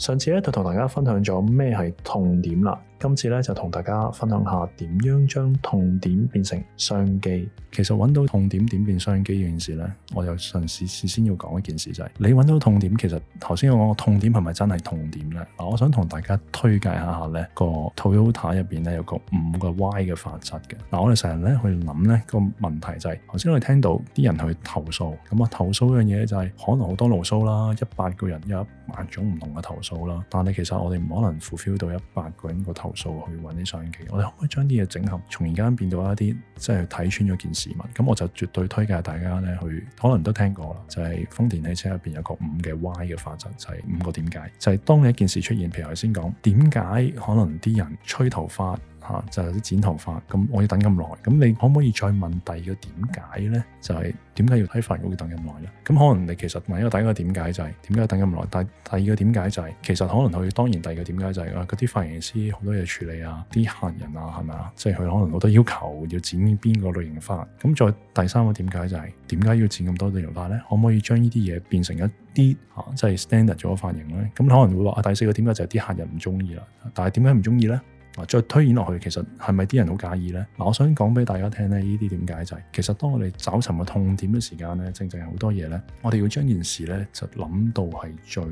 上次咧就同大家分享咗咩係痛點啦，今次咧就同大家分享下點樣將痛點變成商機。其實揾到痛點點變商機呢件事呢，我就想事先要講一件事情就係、是、你揾到痛點，其實頭先我講個痛點係咪真係痛點呢？我想同大家推介一下咧、呢個 Toyota 入面咧有個五個 Y 嘅法則嘅。我哋成日咧去諗咧、呢個問題就係頭先我哋聽到啲人去投訴，咁啊投訴一樣嘢就係、是、可能好多牢騷啦，一百個人有一萬種唔同嘅投訴。但係其實我哋唔可能 fulfill 到一百個人個投訴，去揾啲商機，我哋可唔可以將啲嘢整合，從而家變到一啲即係睇穿咗件事物？咁我就絕對推介大家呢去，可能都聽過啦，就係豐田汽車入邊有個五嘅 Y 嘅法則，就係五個點解，就係當一件事出現，譬如頭先講，點解可能啲人吹頭髮？啊，就係啲剪頭髮，咁我要等咁耐，咁你可唔可以再問第二個點解咧？就係點解要喺髮型屋要等咁耐咧？咁可能你其實問一個第一個點解就係點解等咁耐，但第二個點解就係、是、其實可能佢當然第二個點解就係、是、啊，嗰啲髮型師好多嘢處理啊，啲客人啊係咪啊，即係佢可能好多要求要剪邊個類型嘅髮，咁再第三個點解就係點解要剪咁多類型髮咧？可唔可以將呢啲嘢變成一啲啊，即、就、係、是、standard 咗髮型咧？咁可能會話啊，第四個點解就係啲客人唔中意啦，但係點解唔中意咧？再推演落去，其實係咪啲人好介意呢？啊、我想講俾大家聽呢依啲點解就係、是、其實當我哋找尋個痛點嘅時間咧，正正有好多嘢咧，我哋要將件事咧就諗到係最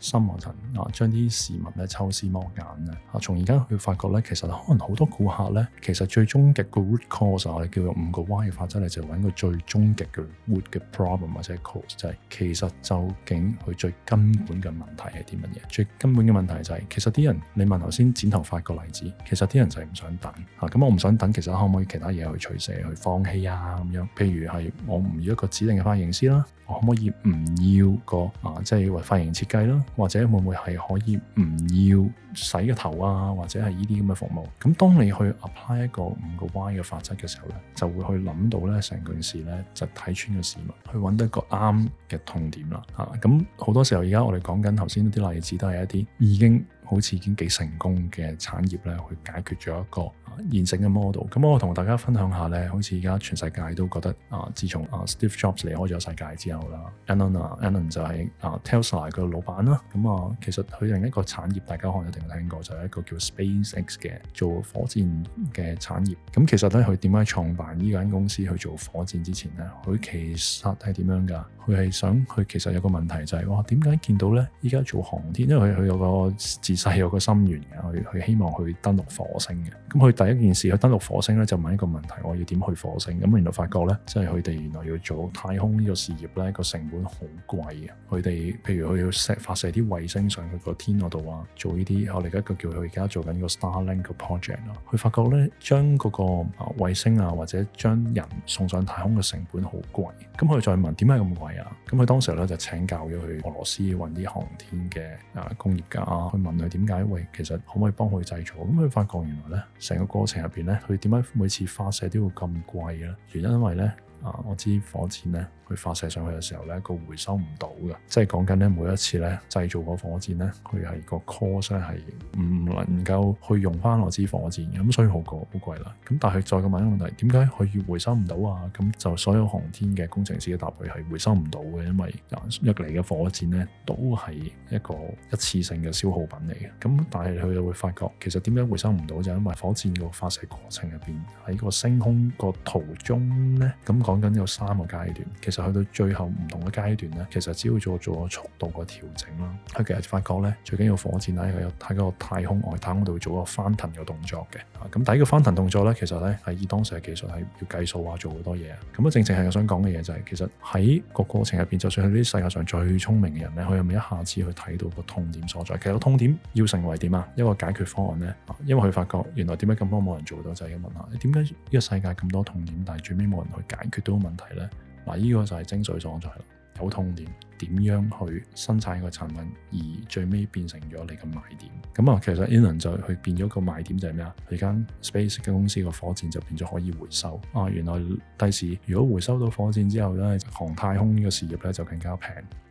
深嗰層、啊、將啲事物咧抽絲剝繭咧，從而家去發覺呢，其實可能好多顧客呢，其實最終極個 root cause 我哋叫做五個 Y 的法發生咧，就揾個最終極嘅 root 嘅 problem 或者 cause 就係、是、其實究竟佢最根本嘅問題係啲乜嘢？最根本嘅問題就係、是、其實啲人你問頭先剪頭髮個例。其實啲人就係唔想等嚇，咁我唔想等，啊、想等其實可唔可以其他嘢去取捨、去放棄啊咁樣？譬如係我唔要一個指定嘅髮型師啦，我可唔可以唔要個啊？即係髮型設計啦，或者會唔會係可以唔要洗個頭啊？或者係呢啲咁嘅服務？咁當你去 apply 一個五個 Why 嘅法則嘅時候咧，就會去諗到咧成件事咧就睇穿嘅事物，去揾得個啱嘅痛點啦嚇。咁、啊、好多時候，而家我哋講緊頭先啲例子，都係一啲已經。好似已經幾成功嘅產業咧，去解決咗一個、呃、現成嘅 model。咁我同大家分享下咧，好似而家全世界都覺得啊、呃，自從啊、呃、Steve Jobs 離開咗世界之後啦 Elon 啊 Elon 就係啊 Tesla 嘅老闆啦。咁啊，其實佢另一個產業，大家可能一定聽過，就係、是、一個叫 SpaceX 嘅做火箭嘅產業。咁、嗯、其實咧，佢點解創辦呢間公司去做火箭之前咧，佢其實係點樣㗎？佢係想佢其實有個問題就係、是、哇，點解見到咧，依家做航天，因為佢佢有個自細有個心願嘅，佢佢希望去登陸火星嘅。咁佢第一件事去登陸火星咧，就問一個問題：我要點去火星？咁原來發覺咧，即係佢哋原來要做太空呢個事業咧，個成本好貴啊！佢哋譬如佢要發射啲衛星上去個天嗰度啊，做呢啲我哋而家叫佢而家做緊個 Starlink 個 project 啦。佢發覺咧，將嗰個衛星啊，或者將人送上太空嘅成本好貴。咁佢再問麼麼：點解咁貴啊？咁佢當時咧就請教咗去俄羅斯揾啲航天嘅啊工業家去問。佢點解，喂，其實可唔可以幫佢製造？咁佢發覺原來咧，成個過程入邊咧，佢點解每次發射都要咁貴咧？原因係咧。啊！我支火箭咧，佢發射上去嘅時候咧，個回收唔到嘅，即係講緊咧，每一次咧製造個火箭咧，佢係個 cost 咧係唔能夠去用翻我支火箭嘅，咁所以好個好貴啦。咁但係再問一個問題，點解佢回收唔到啊？咁就所有航天嘅工程師嘅答覆係回收唔到嘅，因為入嚟嘅火箭咧都係一個一次性嘅消耗品嚟嘅。咁但係佢就會發覺，其實點解回收唔到，就因為火箭個發射過程入邊，喺個升空個途中咧，咁、那個講緊有三個階段，其實去到最後唔同嘅階段咧，其實只要做做個速度嘅調整啦。佢其實發覺咧，最緊要火箭咧，佢有喺個太空外太空度做個翻騰嘅動作嘅。咁第一個翻騰動作咧，其實咧係以當時嘅技術係要計數啊，做好多嘢咁啊，正正係我想講嘅嘢就係、是，其實喺個過程入邊，就算係呢啲世界上最聰明嘅人咧，佢有冇一下子去睇到個痛點所在？其實個痛點要成為點啊？一個解決方案咧、啊，因為佢發覺原來點解咁多冇人做到，就係、是、咁問下，點解呢個世界咁多痛點，但係最尾冇人去解？解決到問題呢，嗱依、啊這個就係精髓所在啦，有痛點。點樣去生產一個產品，而最尾變成咗你嘅賣點。咁、嗯、啊，其實 Inn 就去變咗個賣點就係咩啊？佢間 Space 嘅公司個火箭就變咗可以回收。啊，原來第時如果回收到火箭之後咧，航太空呢個事業咧就更加平，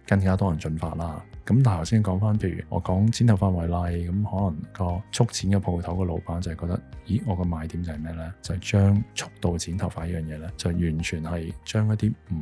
更加多人進發啦。咁、嗯、但係頭先講翻，譬如我講剪頭髮為例，咁、嗯、可能個速剪嘅鋪頭個老闆就係覺得，咦，我個賣點就係咩咧？就係將速度剪頭髮呢樣嘢咧，就完全係將一啲唔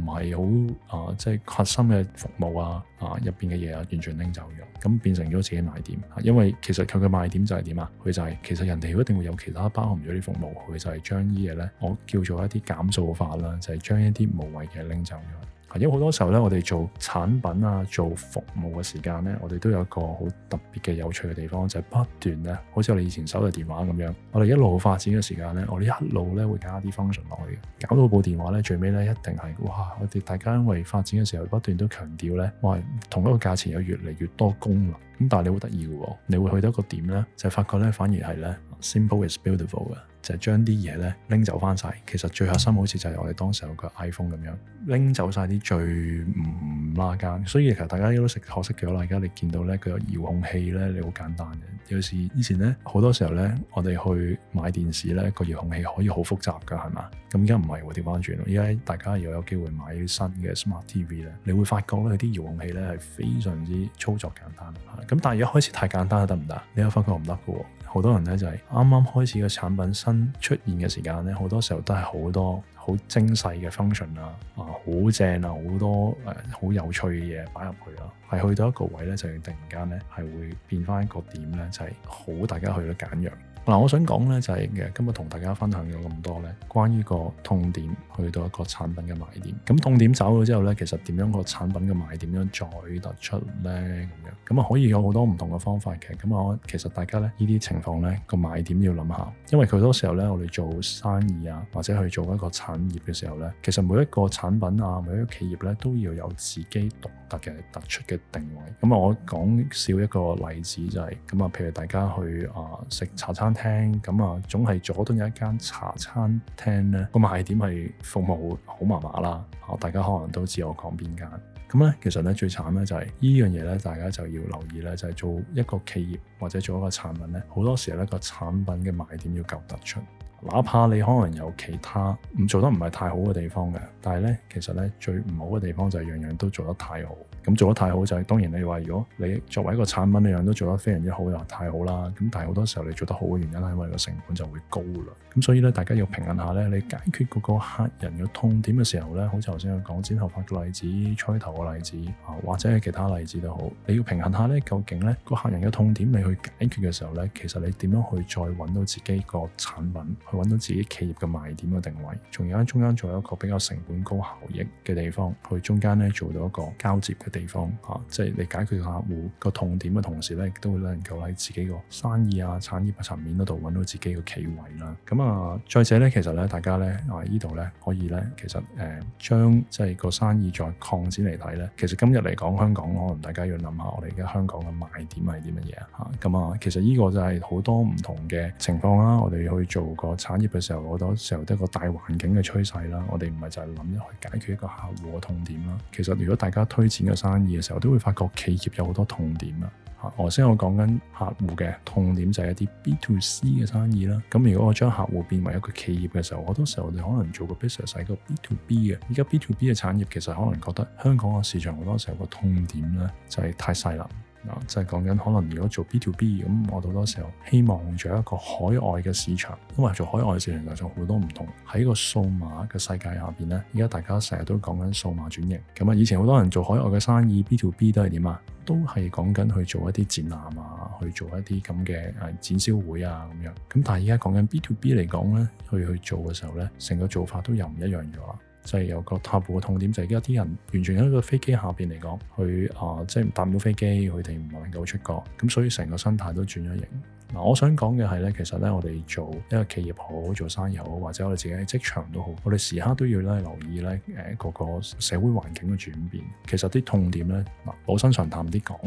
唔係好啊，即係核心。服務啊，面啊，入邊嘅嘢啊，完全拎走咗，咁變成咗自己賣點。因為其實佢嘅賣點就係點啊？佢就係、是、其實人哋一定會有其他包含咗啲服務，佢就係將依嘢咧，我叫做一啲減數法啦，就係、是、將一啲無謂嘅嘢拎走咗。因為好多時候咧，我哋做產品啊、做服務嘅時間呢，我哋都有一個好特別嘅有趣嘅地方，就係不斷咧，好似我哋以前手提電話咁樣，我哋一路發展嘅時間呢，我哋一路咧會加啲 function 落去，搞到部電話咧，最尾呢一定係哇！我哋大家因為發展嘅時候不斷都強調咧，哇，同一個價錢有越嚟越多功能。咁但係你會得意喎，你會去到一個點呢，就發覺呢，反而係呢。Simple is beautiful 就係將啲嘢咧拎走翻晒。其實最核心好似就係我哋當時有個 iPhone 咁樣，拎走晒啲最唔拉更。所以其實大家都識學識咗啦。而家你見到咧，佢有遙控器咧，你好簡單嘅。尤其是以前咧，好多時候咧，我哋去買電視咧，個遙控器可以好複雜噶，係嘛？咁而家唔係喎，調翻轉。而家大家又有機會買新嘅 Smart TV 咧，你會發覺咧，啲遙控器咧係非常之操作簡單。咁但係一開始太簡單得唔得？你有發覺唔得嘅喎，好多人咧就係、是。啱啱開始嘅產品新出現嘅時間咧，好多時候都係好多好精細嘅 function 啊，好正啊，好多誒好、呃、有趣嘅嘢擺入去咯，係去到一個位呢，就突然間呢，係會變返一個點呢，就係好大家去到簡約。我想講呢、就是，就係今日同大家分享咗咁多呢，關於個痛點去到一個產品嘅賣點。咁、嗯、痛點找到之後呢，其實點樣個產品嘅賣點樣再突出呢？咁樣咁啊、嗯，可以有好多唔同嘅方法嘅。咁、嗯、啊，其實大家呢，呢啲情況呢個賣點要諗下，因為好多時候呢，我哋做生意啊，或者去做一個產業嘅時候呢，其實每一個產品啊，每一個企業呢，都要有自己獨特嘅突出嘅定位。咁、嗯、啊、嗯，我講少一個例子就係咁啊，譬如大家去啊、呃、食茶餐廳。聽咁啊，總係佐敦有一間茶餐廳咧，個賣點係服務好麻麻啦。啊，大家可能都知我講邊間。咁咧，其實咧最慘咧就係呢樣嘢咧，大家就要留意咧，就係做一個企業或者做一個產品咧，好多時咧個產品嘅賣點要夠突出。哪怕你可能有其他唔做得唔係太好嘅地方嘅，但係呢，其實呢，最唔好嘅地方就係樣樣都做得太好。咁、嗯、做得太好就係、是、當然你話如果你作為一個產品，樣樣都做得非常之好又話太好啦。咁但係好多時候你做得好嘅原因係因為個成本就會高啦。咁、嗯、所以呢，大家要平衡下呢，你解決嗰個客人嘅痛點嘅時候呢，好似頭先我講剪頭髮嘅例子、吹頭嘅例子啊，或者係其他例子都好，你要平衡下呢，究竟呢個客人嘅痛點你去解決嘅時候呢，其實你點樣去再揾到自己個產品？去揾到自己企業嘅賣點嘅定位，仲有喺中間做一個比較成本高效益嘅地方，去中間咧做到一個交接嘅地方嚇、啊，即係你解決客戶個痛點嘅同時咧，亦都會能夠喺自己個生意啊產業層面嗰度揾到自己個企位啦。咁啊，再者咧，其實咧，大家咧啊，呢度咧可以咧，其實誒將、呃、即係、這個生意再擴展嚟睇咧，其實今日嚟講香港，可能大家要諗下，我哋而家香港嘅賣點係啲乜嘢啊？咁啊，其實呢個就係好多唔同嘅情況啦，我哋去做個。產業嘅時候，好多時候都係一個大環境嘅趨勢啦。我哋唔係就係諗住去解決一個客戶嘅痛點啦。其實如果大家推展嘅生意嘅時候，都會發覺企業有好多痛點啊。嚇，我先我講緊客戶嘅痛點，就係一啲 B to C 嘅生意啦。咁如果我將客戶變為一個企業嘅時候，好多時候我哋可能做個 business 係一個 B to B 嘅。而家 B to B 嘅產業其實可能覺得香港嘅市場好多時候個痛點咧就係太細啦。嗱，就係講緊可能如果做 B to B 咁，我好多時候希望做一個海外嘅市場，因為做海外嘅市場就做好多唔同喺個數碼嘅世界下邊咧。而家大家成日都講緊數碼轉型，咁啊，以前好多人做海外嘅生意 B to B 都係點啊？都係講緊去做一啲展覽啊，去做一啲咁嘅誒展銷會啊咁樣。咁但係而家講緊 B to B 嚟講咧，去去做嘅時候咧，成個做法都又唔一樣咗。就係有個踏步嘅痛點，就係而家啲人完全喺個飛機下邊嚟講，佢啊、呃、即係搭唔到飛機，佢哋唔能夠出國，咁所以成個生態都轉咗型。嗱、呃，我想講嘅係咧，其實咧，我哋做一個企業好，做生意好，或者我哋自己喺職場都好，我哋時刻都要咧留意咧誒個個社會環境嘅轉變。其實啲痛點咧，嗱、呃，保身常談啲講。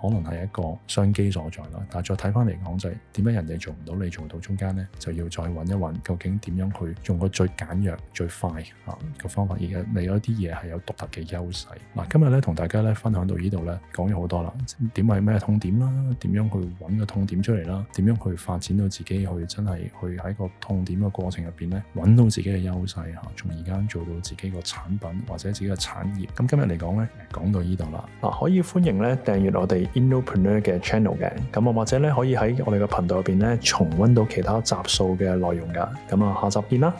可能係一個商機所在啦，但再睇翻嚟講就係點解人哋做唔到你，你做到中間呢？就要再揾一揾究竟點樣去用個最簡約、最快嘅方法，而家你有一啲嘢係有獨特嘅優勢。今日咧同大家咧分享到依度咧，講咗好多啦，點係咩痛點啦，點樣去揾個痛點出嚟啦，點樣去發展到自己去真係去喺個痛點嘅過程入面咧，揾到自己嘅優勢嚇，從而間做到自己個產品或者自己嘅產業。咁今日嚟講呢，講到依度啦，可以歡迎咧訂閱我哋。Innopreneur 嘅 channel 嘅，咁我或者咧可以喺我哋嘅頻道入面咧，重温到其他集數嘅內容噶，咁我下集見啦。